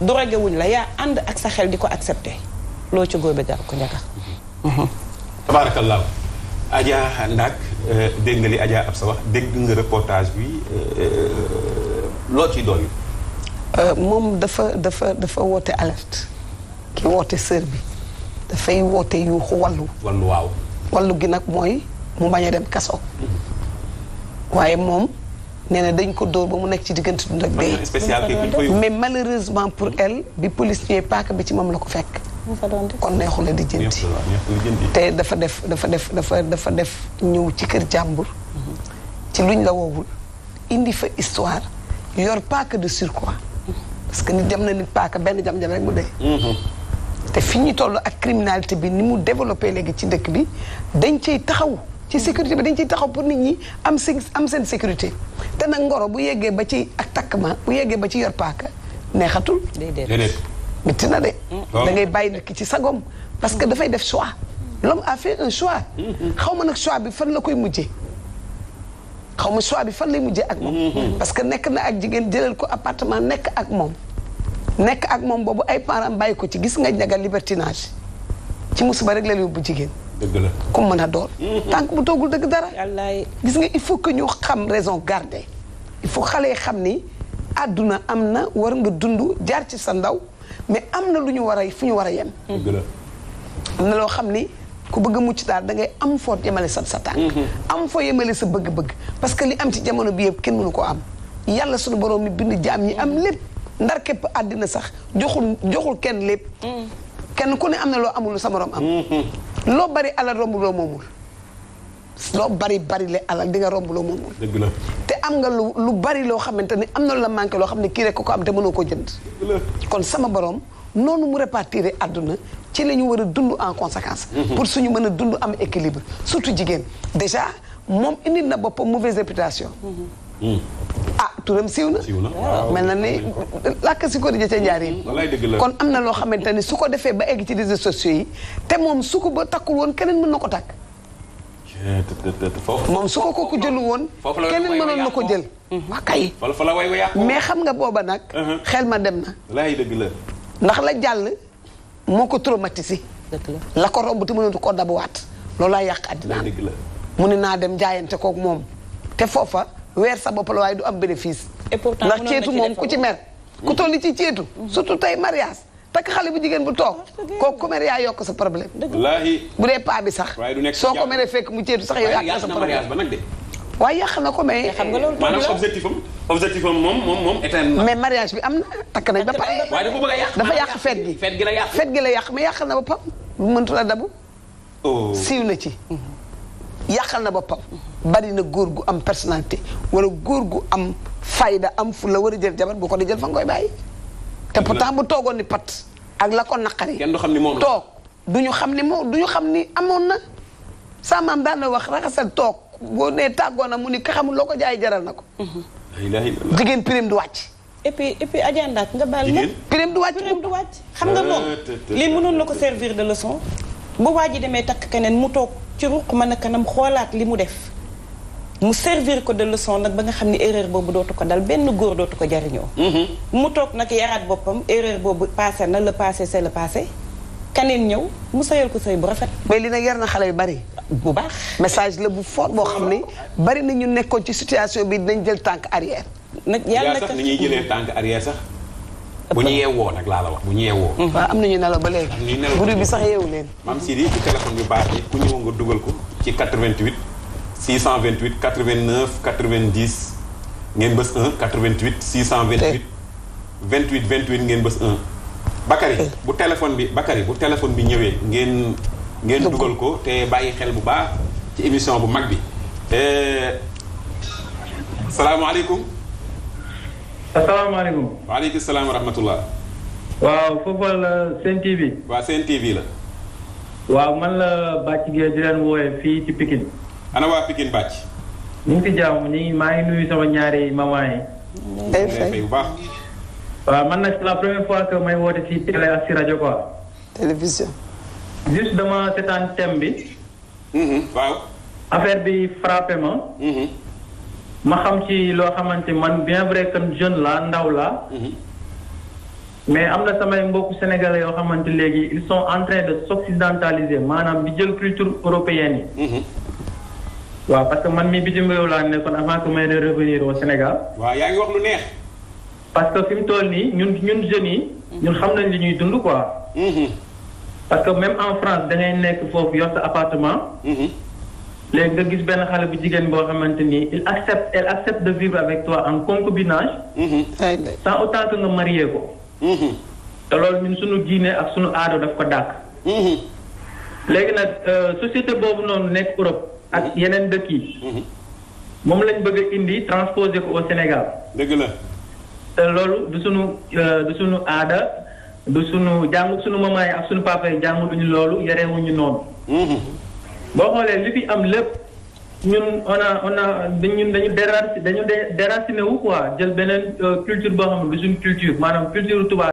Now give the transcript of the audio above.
dorogé wuñ la yaa ànd ak sa xel di ko accepté loo ci góobe gar ko njaka mhm. tabaarakallaahu Adja Ndaak euh, dégg nga li Adja ab sa wax dégg nga reportage bi euh, loo ci doon euh, moom dafa dafa dafa woote alerte ki woote sër bi dafay woote yuuxu wallu waaw wallu gi nag mooy mu bañ a dem kaso mhm. waaye moom nee na dañ ko dóor ba mu nekk ci diggante dund ak dee mais malheureusement pour elle bi police ñëwee paaka bi ci moom la ko fekk kon neexu la di jënti te dafa def dafa def dafa dafa def ñëw ci kër jàmbur ci luñ la woowul indi fa histoire yor paaka de surcroît parce que nit dem na nit paaka benn jam-jam rek mu dee mm-hmm. te fi ñu toll ak criminalité bi ni mu développé léegi ci dëkk bi dañ ciy taxaw ci sécurité bi dañ ciy taxaw pour nit ñi am seen am seen sécurité nag ngoro bu yeggee ba ci ak takk ma bu yeggee ba ci yor paaka neexatul. déedéet métti na de. Hmm. da ngay bàyyi nag ci sagom parce que dafay def choix. lom a fait un choix. xaw ma nag choix bi fan la koy mujjee. xaw ma choix bi fan lay mujjee ak moom. Hmm. parce que nekk na ak jigéen jëlal ko appartement nekk ak moom. nekk ak moom boobu ay parents bàyyi ko ci gis nga ñaga libertinage ci ba rek la yóbbu jigéen. dëgg la mën a doon. Hmm. tànk bu toogul dëgg dara. wallaay gis nga il faut que ñu xam raison garder. il faut xale yi xam ni àdduna am na war nga dund jaar ci sa ndaw mais am na lu ñu war a fu ñu war a yem. am na loo xam ni ku bëgg a mucc daal da ngay am foo yemale sa sa mhm. foo yemale sa bëgg-bëgg. parce que li am ci jamono bi yëpp kenn mënu ko am yàlla sunu borom mi bind jaam ñi am lépp ndar képp àddina sax joxul joxul kenn lépp. Mhm. kenn ku ne am na loo amul sa morom am. Mhm. loo bari alal romb loo moomul. loo bari bari le alal di nga moomul. am nga lu lu bari loo xamante ni am na lu la manqué loo xam ne kii rek ko am te mënoo ko jënd. kon sama boroom noonu mu répartir àdduna ci la ñu war a dund en conséquence. Mhm. pour suñu mën a dund am équilibre surtout jigéen déjà moom indi na boppam mauvaise réputation. Mhm. ah turam siiw na. mel na ni làkk si ko kon am na loo xamante ni su ko defee ba egg ci réseaux sociaux yi te moom su ko ba takkul woon keneen mën na ko takk. moom su ko kooku jëlu woon. foofu la keneen na ko jël. Hmm. waa kay. fa la way mais xam nga booba nag. Uh-huh. xel ma dem na. laay ndax la jàll moo ko traumatisé. la ko romb te mënatu koo loolu loolaa yàq addinaa mu ne naa dem jaayante kook moom. te foofa weer sa bopp la waaye du am bénéfice. et pourtant ndax ceetu moom ku ci mer. ku hmm. tolli ci ceetu. Hmm. surtout tey mariage. takk xale bu jigéen bu toog kooku ku mer yaa yokk sa problème. wallaahi bu dee paa bi sax. soo ko meree fekk mu ceetu sax yow yàq waaye yàq na ko mais. xam nga loolu maanaam objectif moom moom moom éternel. mais mariage bi am takk nañ ba pare. a yàq feet gi. feet gi la yàq feet gi la yàq mais yàqal na boppam. mëntu la dabu. Oh. siiw na ci. yàqal na boppam. bari na góor gu am personnalité wala góor gu am fayda am fu la war a jël jabar boo ko di jël fa nga koy bàyyi te pourtant bu toogoon ni pat ak la ko naqari. kenn du xam ni moom toog du ñu xam ni moom du ñu xam ni amoon na. sa maam na wax raxasal toog boo ne tàggoo na mu ni ka xamul loo ko jaay jaral na ko. Mhm. jigéen prime du wàcc. et puis et puis nga baal ma. prime du wàcc prime du wàcc. xam nga moom lii mënoon la ko servir de leçon. bu waa ji demee takk keneen mu toog ci ruq mën a kanam xoolaat li mu def. mu servir ko de leçon nag ba nga xam ne erreur boobu dootu ko dal benn góor dootu ko jariñoo mm-hmm. mu toog nag yaraat boppam erreur boobu passé na le passé c'est le passé kaneen ñëw mu sëyal ko sëy bu rafet mais li nag yar na xale yu bari bu baax message la bu fort boo xam ni bari na ñu nekkoon ci situation bi dinañ jël tànk arrière nag yàlla sax ni ñuy jëlee tànk arrière sax bu ñu yeewoo nag laa la wax bu ñu woo mm-hmm. waaw am nañu nelaw ba léegi groupe bi sax yeewu leen maam Sidi ci téléphone bi dugal ko ci 88 628 89 90 ngeen bës 1 88 628. 28 28 ngeen bës 1. Bakary bu téléphone bi Bakary bu téléphone bi ñëwee ngeen. ngeen dugal ko te bàyyi xel bu baax ci émission bu mag bi. Eh, salaamaaleykum. asalaamaaleykum. waaleykum salaam wa rahmatullah. waaw foofa la Sen TV. waaw Sen TV la. waaw man la Backe Gueye di leen fii ci Pikine. ana waa Pikine bàcc. ñu ngi ci jàmm ñu maa ngi nuyu sama ñaari maman yi. waaw man na c'est la première fois que may woote si télé ak si rajo quoi. télévision. juste dama seetaan thème bi. Mm-hmm. waaw. bi frappé ma. Mm-hmm. ma xam ci loo xamante man bien vrai que jeune la ndaw la mm-hmm. mais am na samay mbokku sénégalais yoo xamante léegi ils son en de s'occidentaliser maanaam di jël culture européenne yi. waaw parce que man mi bitim réew laa nekkoon avant que may de revenir au Sénégal. waaw yaa wax lu neex. parce que fi mu toll nii ñun ñun jeunes yi. ñun xam nañ li ñuy dund quoi. Mm-hmm. parce que même en France da nekk foofu yor sa appartement. Mm-hmm. léegi nga gis benn xale bu jigéen boo xamante ni il accepte elle accepte de vivre avec toi en concubinage. Mm-hmm. sans autant que nga marie ko. te loolu ñun suñu diine ak suñu aada daf ko dàq. léegi nag euh, société boobu noonu nekk Europe. ak yeneen dëkk yi. Mhm. moom lañ bëgg indi transposé ko au Sénégal. dëgg la. loolu du sunu euh, du sunu aada du suñu jàngu suñu maman yi ak sunu papa yi jàngu duñu loolu yarewuñu noonu. Mhm. boo xoolee li fi am lépp ñun on a on a ñun dañu déraci dañu déraciné wu quoi jël beneen euh, culture boo xam ne du suñu culture maanaam culture tubaab.